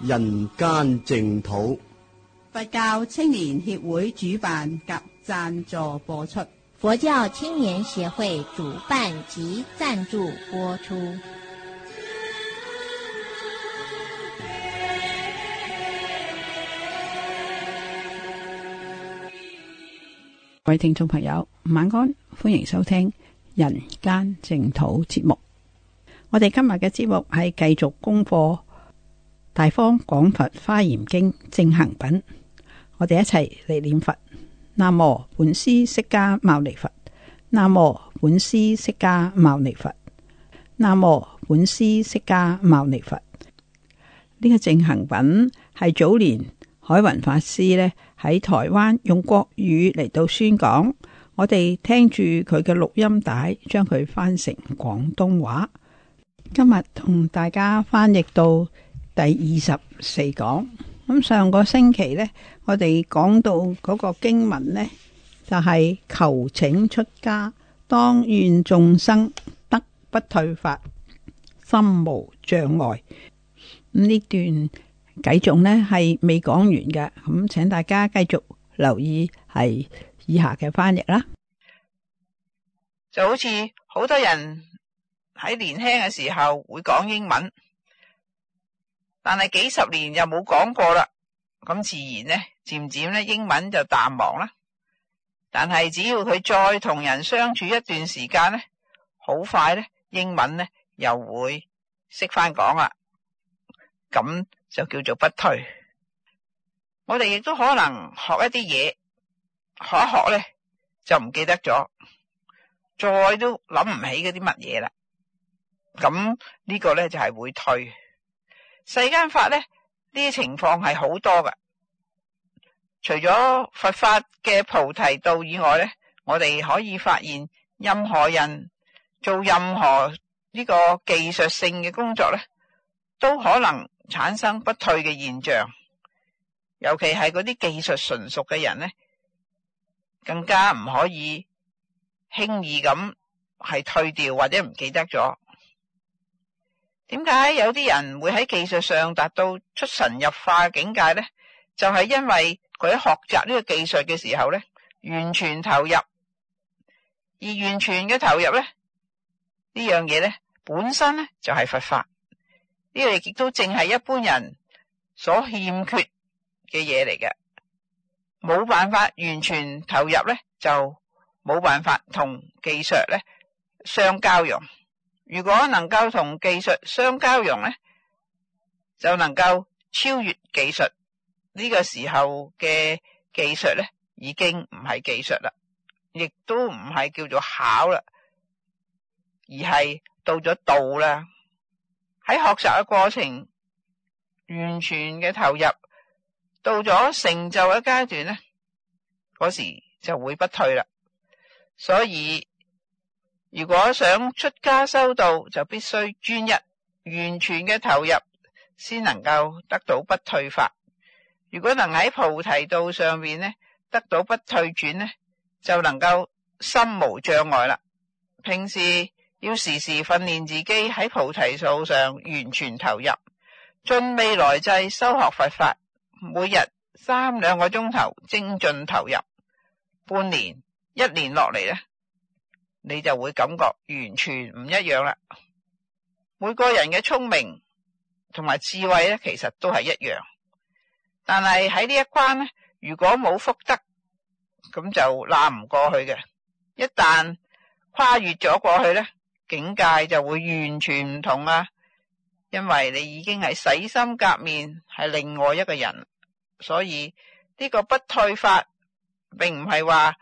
人間淨土，佛教青年協會主辦及贊助播出。佛教青年協會主辦及贊助播出。各位聽眾朋友，晚安，歡迎收聽人間淨土節目。我哋今日嘅節目係繼續功課。大方廣佛花嚴經正行品，我哋一齊嚟念佛。南無本師釋迦牟尼佛，南無本師釋迦牟尼佛，南無本師釋迦牟尼佛。呢個正行品係早年海雲法師咧喺台灣用國語嚟到宣講，我哋聽住佢嘅錄音帶，將佢翻成廣東話。今日同大家翻譯到，第二十四講，咁上個星期呢，我哋講到嗰個經文呢，就係、是、求請出家，當願眾生得不退法，心無障礙。段續，呢段偈仲呢係未講完嘅，咁請大家繼續留意係以下嘅翻譯啦。就好似好多人喺年輕嘅時候會講英文。但係幾十年又冇講過啦，咁自然咧，漸漸咧英文就淡忘啦。但係只要佢再同人相處一段時間咧，好快咧，英文咧又會識翻講啦。咁就叫做不退。我哋亦都可能學一啲嘢，學一學咧就唔記得咗，再都諗唔起嗰啲乜嘢啦。咁呢個咧就係會退。世間法咧，呢啲情況係好多噶。除咗佛法嘅菩提道以外咧，我哋可以發現，任何人做任何呢個技術性嘅工作咧，都可能產生不退嘅現象。尤其係嗰啲技術純熟嘅人咧，更加唔可以輕易咁係退掉或者唔記得咗。點解有啲人會喺技術上達到出神入化境界咧？就係因為佢喺學習呢個技術嘅時候咧，完全投入，而完全嘅投入咧，呢樣嘢咧本身咧就係佛法，呢個亦都正係一般人所欠缺嘅嘢嚟嘅，冇辦法完全投入咧，就冇辦法同技術咧相交融。如果能夠同技術相交融咧，就能夠超越技術。呢個時候嘅技術咧，已經唔係技術啦，亦都唔係叫做考啦，而係到咗度啦。喺學習嘅過程，完全嘅投入，到咗成就嘅階段咧，嗰時就會不退啦。所以。如果想出家修道，就必須專一、完全嘅投入，先能夠得到不退法。如果能喺菩提道上面呢，得到不退轉呢，就能夠心無障礙啦。平時要時時訓練自己喺菩提道上完全投入，盡未來際修學佛法，每日三兩個鐘頭精進投入，半年、一年落嚟呢？你就會感覺完全唔一樣啦。每個人嘅聰明同埋智慧咧，其實都係一樣，但係喺呢一關呢，如果冇福德，咁就難唔過去嘅。一旦跨越咗過去咧，境界就會完全唔同喇！因為你已經係洗心革面，係另外一個人，所以呢個不退法並唔係話。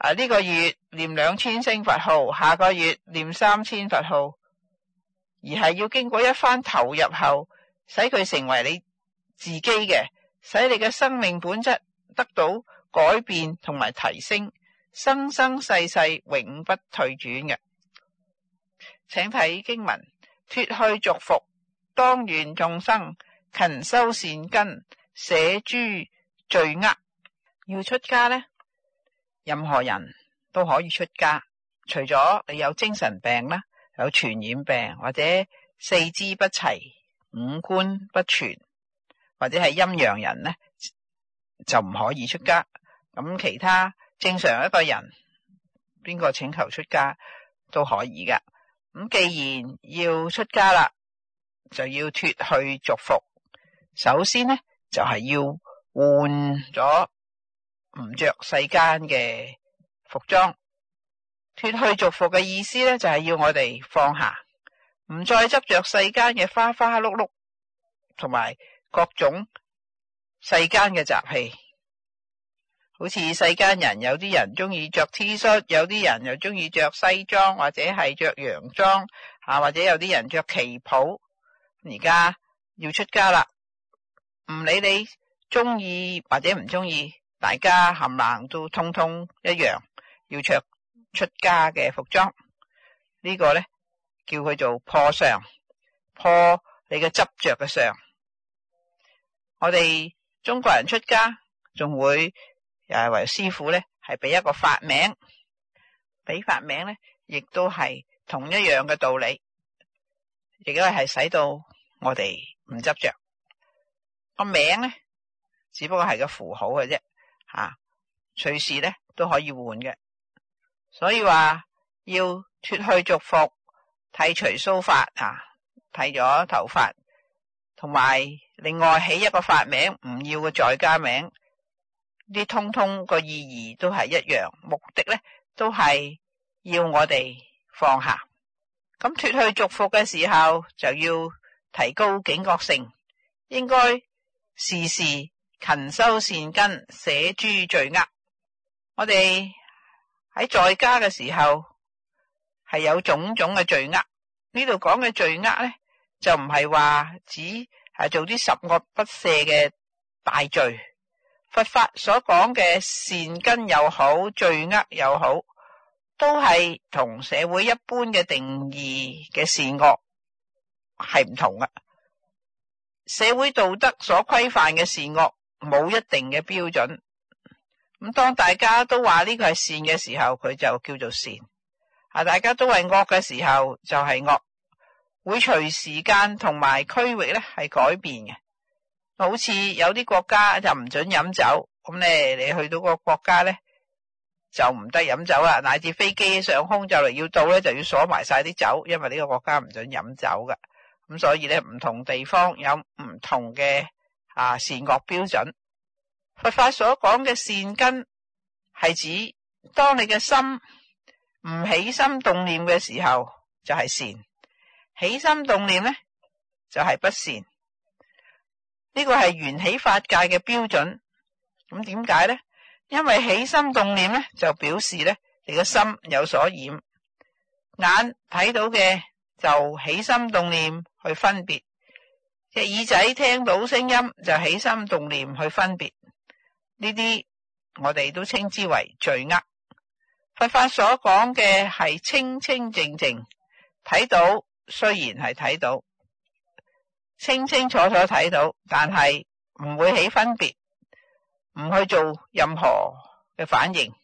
啊！呢個月念兩千聲佛號，下個月念三千佛號，而係要經過一番投入後，使佢成為你自己嘅，使你嘅生命本質得到改變同埋提升，生生世世永不退轉嘅。請睇經文，脫去俗服，當願眾生勤修善根，捨諸罪厄。要出家呢？任何人都可以出家，除咗你有精神病啦，有傳染病或者四肢不齊、五官不全或者係陰陽人咧，就唔可以出家。咁其他正常一個人，邊個請求出家都可以噶。咁既然要出家啦，就要脫去俗服，首先咧，就係、是、要換咗。唔着世間嘅服裝，脫去俗服嘅意思咧，就係、是、要我哋放下，唔再執着世間嘅花花碌碌，同埋各種世間嘅雜氣。好似世間人，有啲人中意着 T 恤，有啲人又中意着西裝，或者係着洋裝，吓、啊、或者有啲人着旗袍。而家要出家啦，唔理你中意或者唔中意。大家冚唪唥都通通一樣，要着出家嘅服裝，這個、呢個咧叫佢做破相，破你嘅執着嘅相。我哋中國人出家仲會，又係為師傅咧，係俾一個法名，俾法名咧亦都係同一樣嘅道理，亦都係使到我哋唔執着。個名咧只不過係個符號嘅啫。吓、啊，隨時咧都可以換嘅，所以話要脱去俗服，剃除鬚髮啊，剃咗頭髮，同埋另外起一個法名，唔要嘅在家名，啲通通個意義都係一樣，目的咧都係要我哋放下。咁脱去俗服嘅時候，就要提高警覺性，應該時時。勤修善根，捨諸罪厄。我哋喺在家嘅時候，係有種種嘅罪厄。罪呢度講嘅罪厄咧，就唔係話只係做啲十惡不赦嘅大罪。佛法所講嘅善根又好，罪厄又好，都係同社會一般嘅定義嘅善惡係唔同嘅。社會道德所規範嘅善惡，冇一定嘅標準，咁當大家都話呢個係善嘅時候，佢就叫做善；啊，大家都係惡嘅時候，就係惡。會隨時間同埋區域咧係改變嘅，好似有啲國家就唔准飲酒，咁咧你，你去到個國家咧就唔得飲酒啦，乃至飛機上空就嚟要到咧就要鎖埋晒啲酒，因為呢個國家唔准飲酒㗎。咁所以咧唔同地方有唔同嘅。啊！善惡標準，佛法所講嘅善根，係指當你嘅心唔起心動念嘅時候，就係善；起心動念咧，就係不善。呢個係緣起法界嘅標準。咁點解咧？因為起心動念咧，就表示咧，你嘅心有所染，眼睇到嘅就起心動念去分別。隻耳仔聽到聲音就起心動念去分別呢啲，我哋都稱之為罪惡。佛法所講嘅係清清淨淨，睇到雖然係睇到清清楚楚睇到，但係唔會起分別，唔去做任何嘅反應。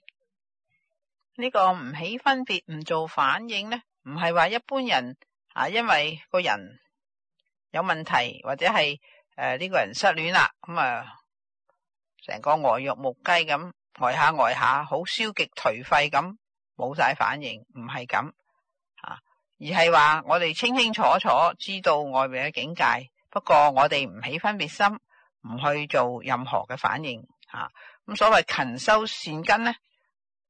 呢個唔起分別唔做反應咧，唔係話一般人啊，因為個人。有問題或者係誒，呢個人失戀啦，咁啊成個呆若木雞咁，呆下呆下，好、呃呃、消極頹廢咁，冇晒反應，唔係咁吓，而係話我哋清清楚楚知道外面嘅境界，不過我哋唔起分別心，唔去做任何嘅反應吓。咁、啊嗯、所謂勤修善根咧，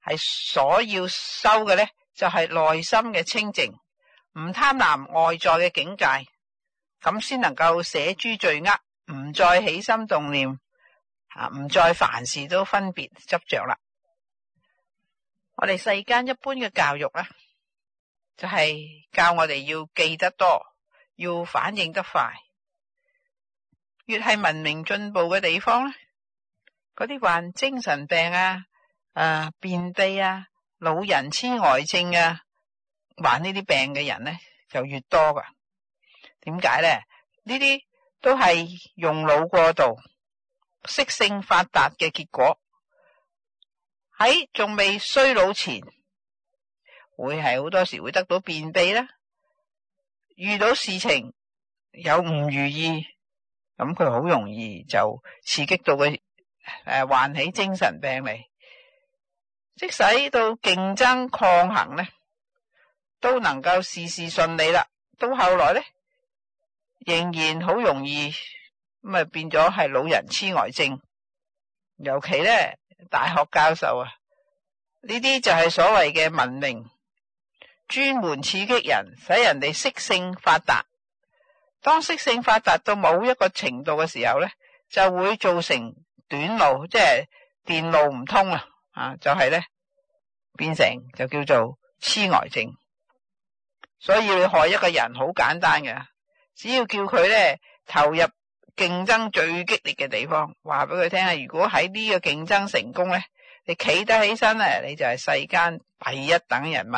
係所要修嘅咧，就係、是、內心嘅清淨，唔貪婪外在嘅境界。咁先能夠捨諸罪厄，唔再起心動念，啊，唔再凡事都分別執着啦。我哋世間一般嘅教育咧，就係、是、教我哋要記得多，要反應得快。越係文明進步嘅地方咧，嗰啲患精神病啊、啊便秘啊、老人痴呆症啊、患呢啲病嘅人咧，就越多噶。點解咧？呢啲都係用腦過度、色性發達嘅結果。喺仲未衰老前，會係好多時會得到便秘啦。遇到事情有唔如意，咁佢好容易就刺激到佢誒、啊，患起精神病嚟。即使到競爭抗衡咧，都能夠事事順利啦。到後來咧。仍然好容易咁啊，變咗係老人痴呆症。尤其咧，大學教授啊，呢啲就係所謂嘅文明專門刺激人，使人哋色性發達。當色性發達到某一個程度嘅時候咧，就會造成短路，即係電路唔通啊！啊，就係咧，變成就叫做痴呆症。所以你害一個人好簡單嘅。只要叫佢咧投入競爭最激烈嘅地方，話俾佢聽吓，如果喺呢個競爭成功咧，你企得起身咧，你就係世間第一等人物。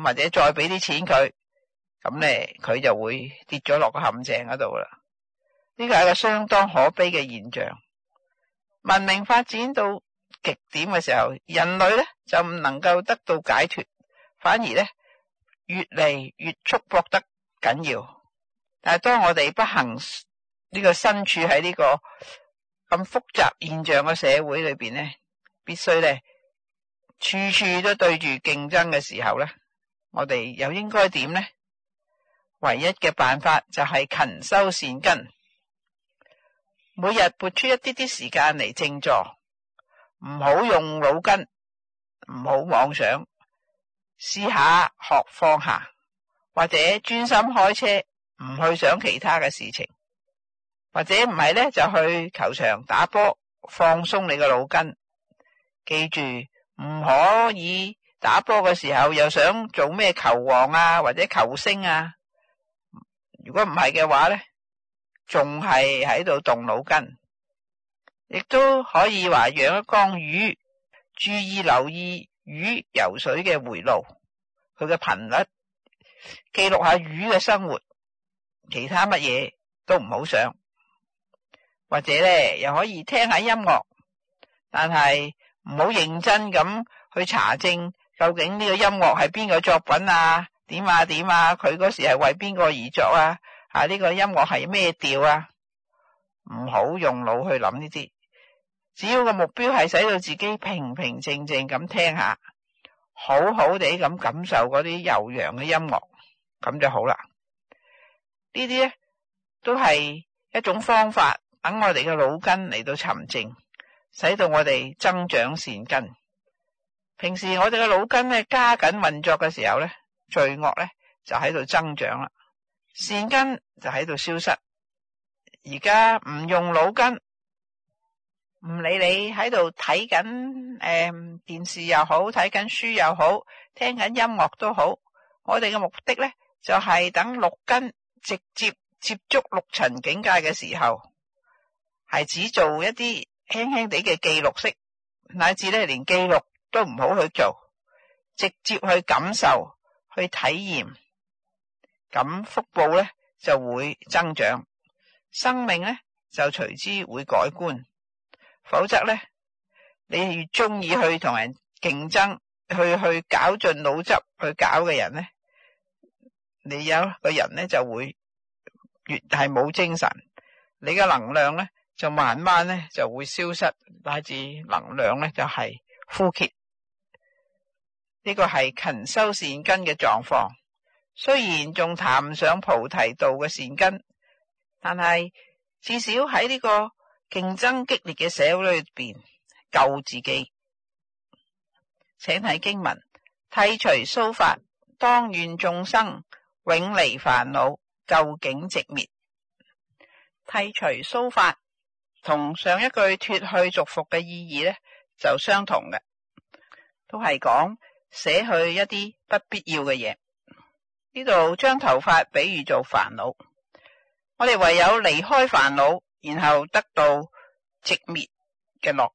或者再俾啲錢佢，咁咧佢就會跌咗落個陷阱嗰度啦。呢個係一個相當可悲嘅現象。文明發展到極點嘅時候，人類咧就唔能夠得到解脫，反而咧越嚟越束縛得緊要。但係，當我哋不幸呢、這個身處喺呢、這個咁複雜現象嘅社會裏邊咧，必須咧處處都對住競爭嘅時候咧，我哋又應該點咧？唯一嘅辦法就係勤修善根，每日撥出一啲啲時間嚟靜坐，唔好用腦筋，唔好妄想，試下學放下，或者專心開車。唔去想其他嘅事情，或者唔係咧就去球場打波，放鬆你嘅腦筋。記住唔可以打波嘅時候又想做咩球王啊或者球星啊。如果唔係嘅話咧，仲係喺度動腦筋，亦都可以話養一缸魚，注意留意魚游水嘅回路，佢嘅頻率，記錄下魚嘅生活。其他乜嘢都唔好想，或者咧又可以聽下音樂，但係唔好認真咁去查證究竟呢個音樂係邊個作品啊？點啊點啊？佢嗰、啊、時係為邊個而作啊？啊呢、呢個音樂係咩調啊？唔好用腦去諗呢啲，只要個目標係使到自己平平靜靜咁聽下，好好地咁感受嗰啲悠揚嘅音樂，咁就好啦。呢啲咧都係一種方法，等我哋嘅腦筋嚟到沉靜，使到我哋增長善根。平時我哋嘅腦筋咧加緊運作嘅時候咧，罪惡咧就喺度增長啦，善根就喺度消失。而家唔用腦筋，唔理你喺度睇緊誒電視又好，睇緊書又好，聽緊音樂都好，我哋嘅目的咧就係、是、等六根。直接接觸六層境界嘅時候，係只做一啲輕輕地嘅記錄式，乃至咧連記錄都唔好去做，直接去感受、去體驗，咁福報咧就會增長，生命咧就隨之會改觀。否則咧，你越鍾意去同人競爭、去去絞盡腦汁去搞嘅人咧，你有個人咧就會。越係冇精神，你嘅能量咧就慢慢咧就會消失，乃至能量咧就係枯竭。呢、這個係勤修善根嘅狀況，雖然仲談唔上菩提道嘅善根，但係至少喺呢個競爭激烈嘅社會裏邊救自己。請睇經文，剃除鬚髮，當願眾生永離煩惱。究竟寂滅剃除鬚髮，同上一句脱去俗服嘅意義咧，就相同嘅，都係講捨去一啲不必要嘅嘢。呢度將頭髮比喻做煩惱，我哋唯有離開煩惱，然後得到寂滅嘅樂。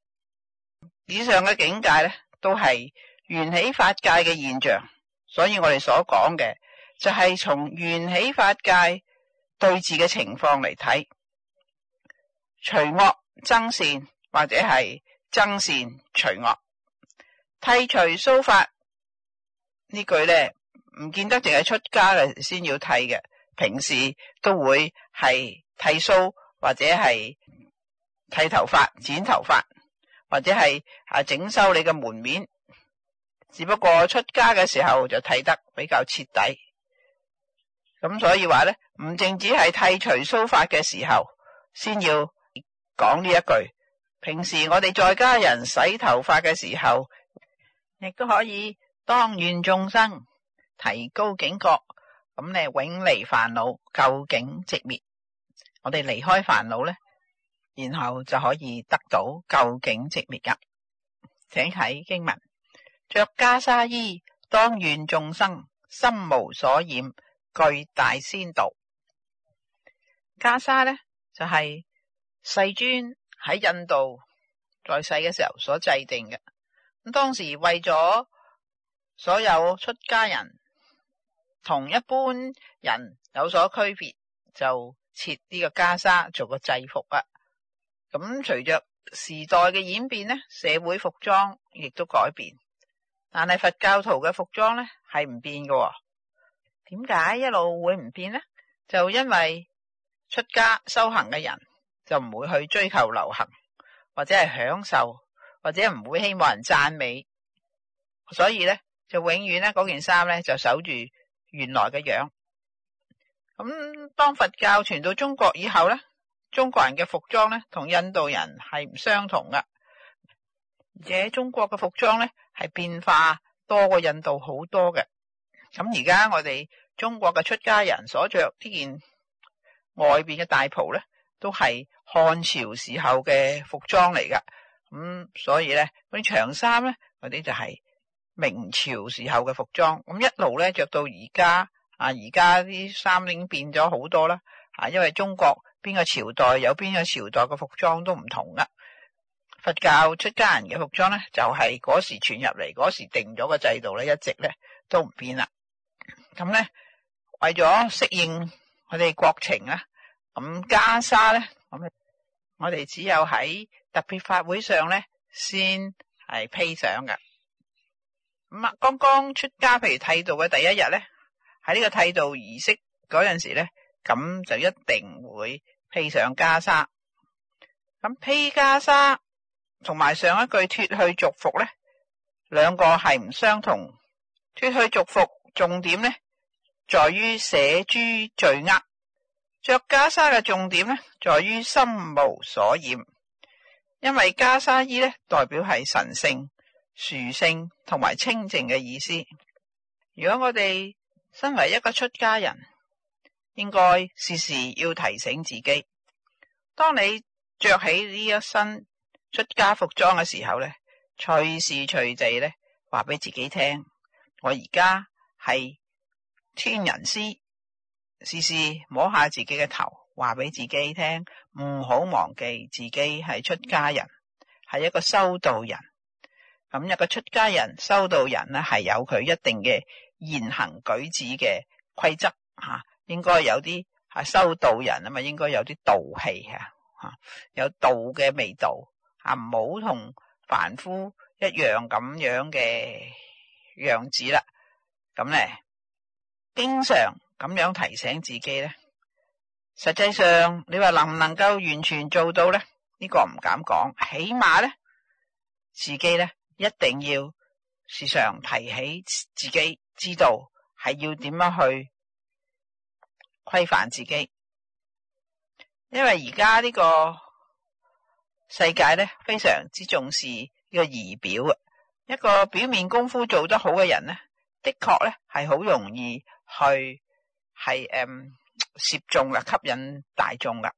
以上嘅境界咧，都係緣起法界嘅現象，所以我哋所講嘅。就係從緣起法界對治嘅情況嚟睇，除惡增善或者係增善除惡，剃除鬚髮呢句咧，唔見得淨係出家嘅時先要剃嘅，平時都會係剃鬚或者係剃頭髮、剪頭髮或者係啊整修你嘅門面，只不過出家嘅時候就剃得比較徹底。咁所以話咧，唔淨止係剃除鬚髮嘅時候先要講呢一句。平時我哋在家人洗頭髮嘅時候，亦都可以當願眾生提高警覺，咁你永離煩惱，究竟寂滅。我哋離開煩惱咧，然後就可以得到究竟寂滅噶。請睇經文，着袈裟衣，當願眾生心無所染。巨大先度袈裟咧，就係、是、世尊喺印度在世嘅時候所制定嘅。咁當時為咗所有出家人同一般人有所區別，就設呢個袈裟做個制服啊。咁隨着時代嘅演變咧，社會服裝亦都改變，但係佛教徒嘅服裝咧係唔變嘅。點解一路會唔變呢？就因為出家修行嘅人就唔會去追求流行，或者係享受，或者唔會希望人讚美，所以咧就永遠咧嗰件衫咧就守住原來嘅樣。咁、嗯、當佛教傳到中國以後咧，中國人嘅服裝咧同印度人係唔相同㗎，而且中國嘅服裝咧係變化多過印度好多嘅。咁而家我哋中國嘅出家人所着呢件外邊嘅大袍咧，都係漢朝時候嘅服裝嚟噶。咁、嗯、所以咧，嗰啲長衫咧，嗰啲就係明朝時候嘅服裝。咁、嗯、一路咧着到而家啊，而家啲衫已經變咗好多啦。啊，因為中國邊個朝代有邊個朝代嘅服裝都唔同噶。佛教出家人嘅服裝咧，就係、是、嗰時傳入嚟，嗰時定咗個制度咧，一直咧都唔變啦。咁咧，為咗適應我哋國情啊，咁袈裟咧，咁我哋只有喺特別法會上咧，先係披上嘅。咁啊，剛剛出家，譬如剃度嘅第一日咧，喺呢個剃度儀式嗰陣時咧，咁就一定會披上袈裟。咁披袈裟同埋上一句脫去俗服咧，兩個係唔相同。脫去俗服。重點呢，在於捨諸罪厄，着袈裟嘅重點呢，在於心無所染，因為袈裟衣呢，代表係神聖、殊性同埋清淨嘅意思。如果我哋身為一個出家人，應該時時要提醒自己，當你着起呢一身出家服裝嘅時候呢，隨時隨地呢話俾自己聽：我而家。係天人師，試試摸下自己嘅頭，話俾自己聽，唔好忘記自己係出家人，係一個修道人。咁一個出家人、修道人咧，係有佢一定嘅言行舉止嘅規則吓，應該有啲係修道人啊嘛，應該有啲道氣啊，有道嘅味道，啊，唔好同凡夫一樣咁樣嘅樣子啦。咁咧，經常咁樣提醒自己咧。實際上，你話能唔能夠完全做到咧？呢個唔敢講，起碼咧，自己咧一定要時常提起自己，知道係要點樣去規範自己。因為而家呢個世界咧，非常之重視呢個儀表啊。一個表面功夫做得好嘅人咧。的確咧，係好容易去係誒、嗯，涉眾啊，吸引大眾噶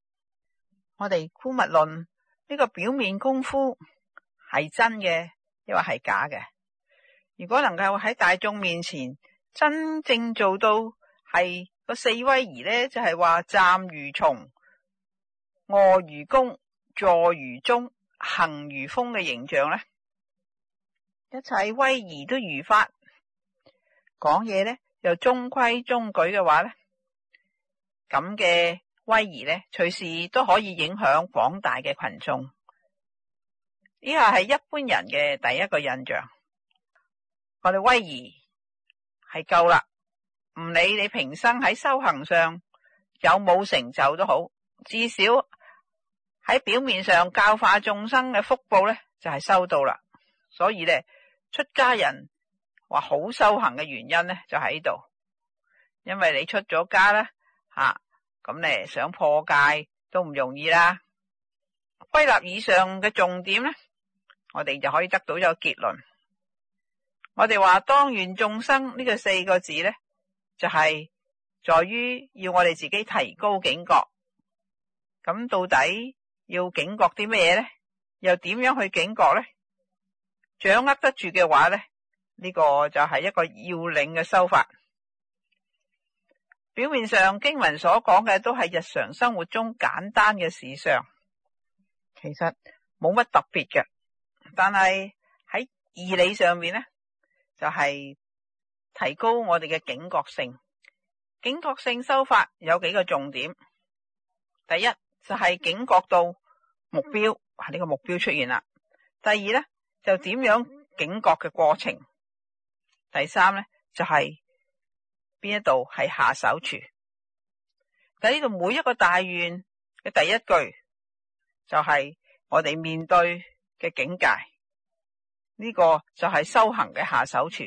我哋姑勿論呢個表面功夫係真嘅，抑或係假嘅？如果能夠喺大眾面前真正做到係個四威儀咧，就係話站如松，卧如弓，坐如鐘，行如風嘅形象咧，一切威儀都如法。講嘢咧又中規中矩嘅話咧，咁嘅威儀咧，隨時都可以影響廣大嘅群眾。呢下係一般人嘅第一個印象。我哋威儀係夠啦，唔理你平生喺修行上有冇成就都好，至少喺表面上教化眾生嘅福報咧就係、是、收到啦。所以咧，出家人。話好修行嘅原因咧，就喺度，因為你出咗家啦，吓，咁咧想破戒都唔容易啦。歸納以上嘅重點咧，我哋就可以得到一個結論。我哋話當願眾生呢個四個字咧，就係在於要我哋自己提高警覺。咁到底要警覺啲咩嘢咧？又點樣去警覺咧？掌握得住嘅話咧，呢個就係一個要領嘅修法。表面上經文所講嘅都係日常生活中簡單嘅事上，其實冇乜特別嘅。但係喺義理上面咧，就係、是、提高我哋嘅警覺性。警覺性修法有幾個重點。第一就係、是、警覺到目標，係呢、呢個目標出現啦。第二咧就點樣警覺嘅過程。第三咧就係邊一度係下手處。就呢度每一個大願嘅第一句就係、是、我哋面對嘅境界，呢、這個就係修行嘅下手處，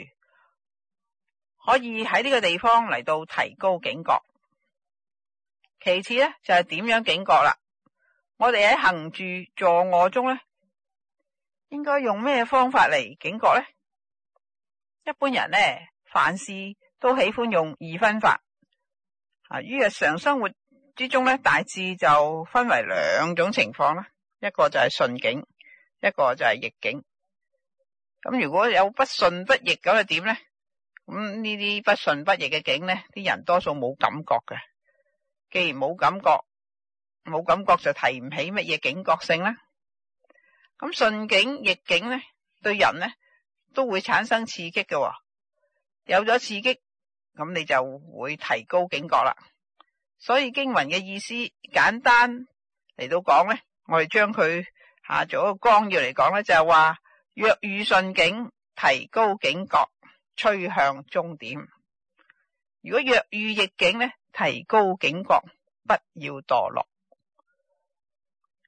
可以喺呢個地方嚟到提高警覺。其次咧就係、是、點樣警覺啦。我哋喺行住坐卧中咧，應該用咩方法嚟警覺咧？一般人咧凡事都喜歡用二分法啊，於日常生活之中咧，大致就分為兩種情況啦。一個就係順境，一個就係逆境。咁如果有不順不逆咁又點咧？咁呢啲不順不逆嘅境咧，啲人多數冇感覺嘅。既然冇感覺，冇感覺就提唔起乜嘢警覺性啦。咁順境逆境咧，對人咧。都會產生刺激嘅、哦，有咗刺激咁你就會提高警覺啦。所以經文嘅意思，簡單嚟到講咧，我哋將佢下咗一個綱要嚟講咧，就係、是、話若遇順境，提高警覺，趨向終點；如果若遇逆境咧，提高警覺，不要墮落。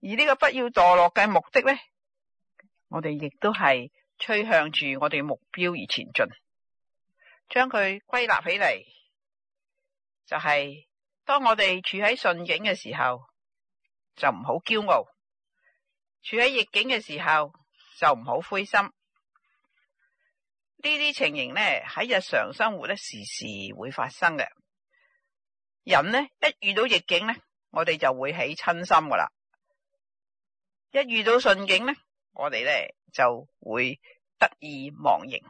而呢個不要墮落嘅目的咧，我哋亦都係。吹向住我哋目標而前進，將佢歸納起嚟，就係、是、當我哋處喺順境嘅時候，就唔好驕傲；處喺逆境嘅時候，就唔好灰心。呢啲情形呢，喺日常生活呢時時會發生嘅。人呢，一遇到逆境呢，我哋就會起親心噶啦；一遇到順境呢，我哋咧就會得意忘形，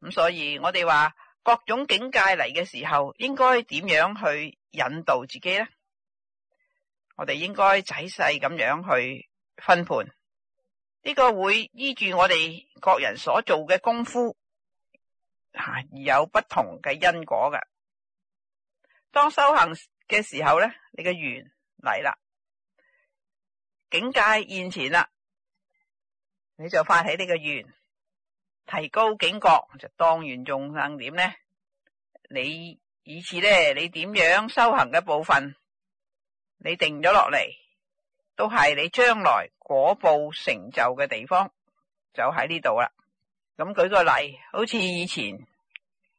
咁所以我哋話各種境界嚟嘅時候，應該點樣去引導自己呢？我哋應該仔細咁樣去分判呢，這個會依住我哋各人所做嘅功夫吓，而有不同嘅因果㗎。當修行嘅時候咧，你嘅緣嚟啦，境界現前啦。你就發起呢個願，提高警覺，就當願眾生點呢？你以前呢？你點樣修行嘅部分，你定咗落嚟都係你將來果報成就嘅地方，就喺呢度啦。咁、嗯、舉個例，好似以前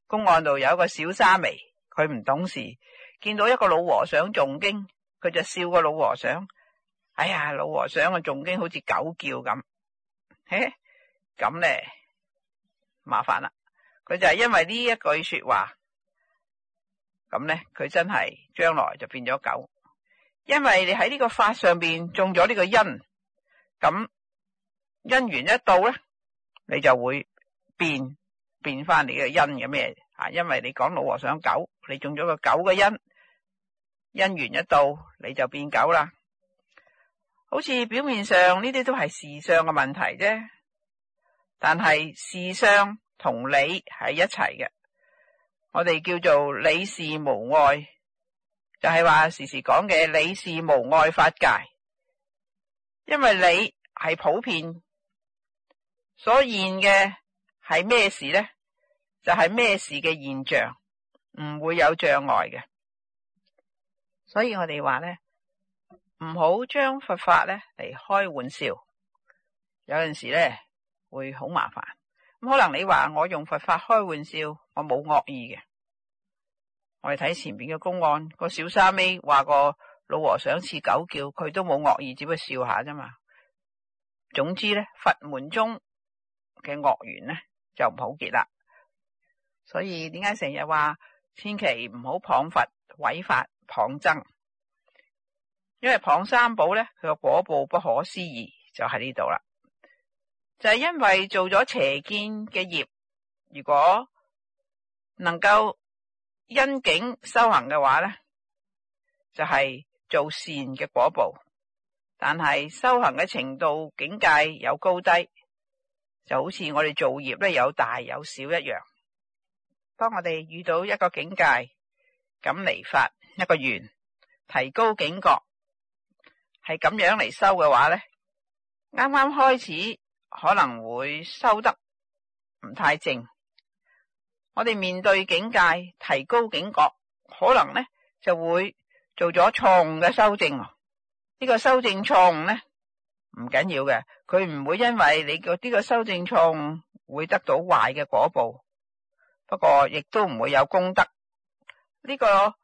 公案度有一個小沙彌，佢唔懂事，見到一個老和尚誦經，佢就笑個老和尚。哎呀，老和尚啊，誦經好似狗叫咁。嘿，咁咧麻煩啦，佢就係因為呢一句說話，咁咧佢真係將來就變咗狗，因為你喺呢個法上邊種咗呢個因，咁因緣一到咧，你就會變變翻你嘅因嘅咩啊？因為你講老和尚狗，你種咗個狗嘅因，因緣一到你就變狗啦。好似表面上呢啲都係事相嘅問題啫，但係事相同理係一齊嘅。我哋叫做理事無礙，就係話時時講嘅理事無礙法界。因為理係普遍所現嘅係咩事呢？就係咩事嘅現象，唔會有障礙嘅。所以我哋話呢。唔好將佛法咧嚟開玩笑，有陣時咧會好麻煩。咁可能你話我用佛法開玩笑，我冇惡意嘅。我哋睇前邊嘅公案，個小沙彌話個老和尚似狗叫，佢都冇惡意，只不過笑下啫嘛。總之咧，佛門中嘅惡緣咧就唔好結啦。所以點解成日話千祈唔好謗佛、毀法、謗僧？因為謗三寶咧，佢個果報不可思議，就喺呢度啦。就係、是、因為做咗邪見嘅業，如果能夠因境修行嘅話咧，就係、是、做善嘅果報。但係修行嘅程度境界有高低，就好似我哋做業咧有大有小一樣。當我哋遇到一個境界，咁嚟發一個願，提高警覺。係咁樣嚟修嘅話咧，啱啱開始可能會修得唔太正。我哋面對警戒，提高警覺，可能咧就會做咗錯誤嘅修正。呢、這個修正錯誤咧唔緊要嘅，佢唔會因為你嘅呢個修正錯誤會得到壞嘅果報。不過亦都唔會有功德。呢、這個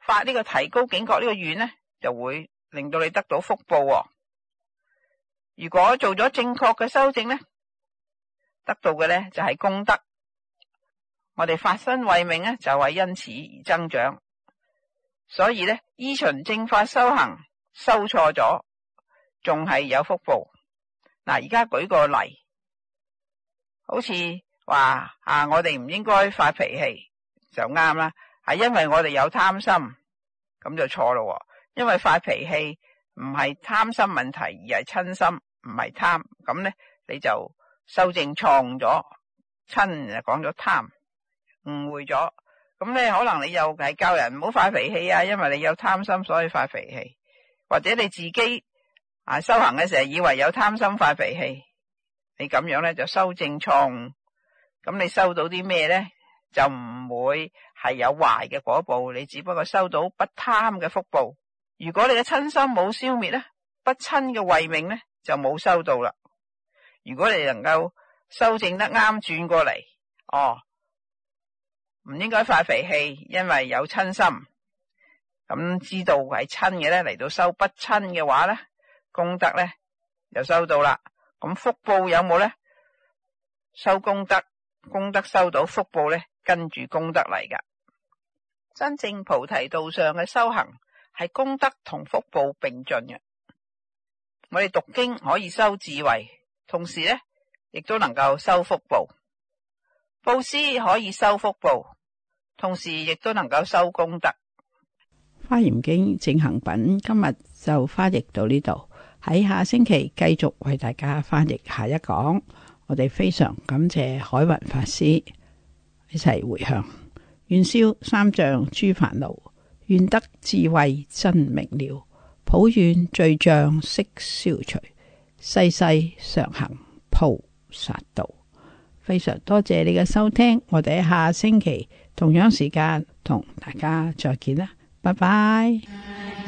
發呢個提高警覺個願呢個願咧就會。令到你得到福報，哦。如果做咗正確嘅修正咧，得到嘅咧就係、是、功德。我哋法身慧命咧就係因此而增長。所以咧，依循正法修行修錯咗，仲係有福報。嗱、啊，而家舉個例，好似話啊，我哋唔應該發脾氣就啱啦，係因為我哋有貪心，咁就錯咯，哦。因為發脾氣唔係貪心問題，而係親心唔係貪咁咧。你就修正錯誤咗，親人講咗貪誤會咗咁咧。可能你又係教人唔好發脾氣啊，因為你有貪心，所以發脾氣，或者你自己啊修行嘅時候以為有貪心發脾氣，你咁樣咧就修正錯誤。咁你收到啲咩咧？就唔會係有壞嘅果報，你只不過收到不貪嘅福報。如果你嘅瞋心冇消滅咧，不瞋嘅慧命咧就冇收到啦。如果你能夠修正得啱，轉過嚟哦，唔應該發脾氣，因為有瞋心，咁、嗯、知道係瞋嘅咧嚟到收不瞋嘅話咧，功德咧又收到啦。咁、嗯、福報有冇咧？收功德，功德收到，福報咧跟住功德嚟噶。真正菩提道上嘅修行。係功德同福報並進嘅，我哋讀經可以修智慧，同時呢亦都能夠修福報。布施可以修福報，同時亦都能夠修功德。《花嚴經》正行品今日就翻譯到呢度，喺下星期繼續為大家翻譯下一講。我哋非常感謝海雲法師一齊回向，願消三障諸煩惱。願得智慧真明了，普願罪障悉消除，世世常行菩薩道。非常多謝你嘅收聽，我哋喺下星期同樣時間同大家再見啦，拜拜。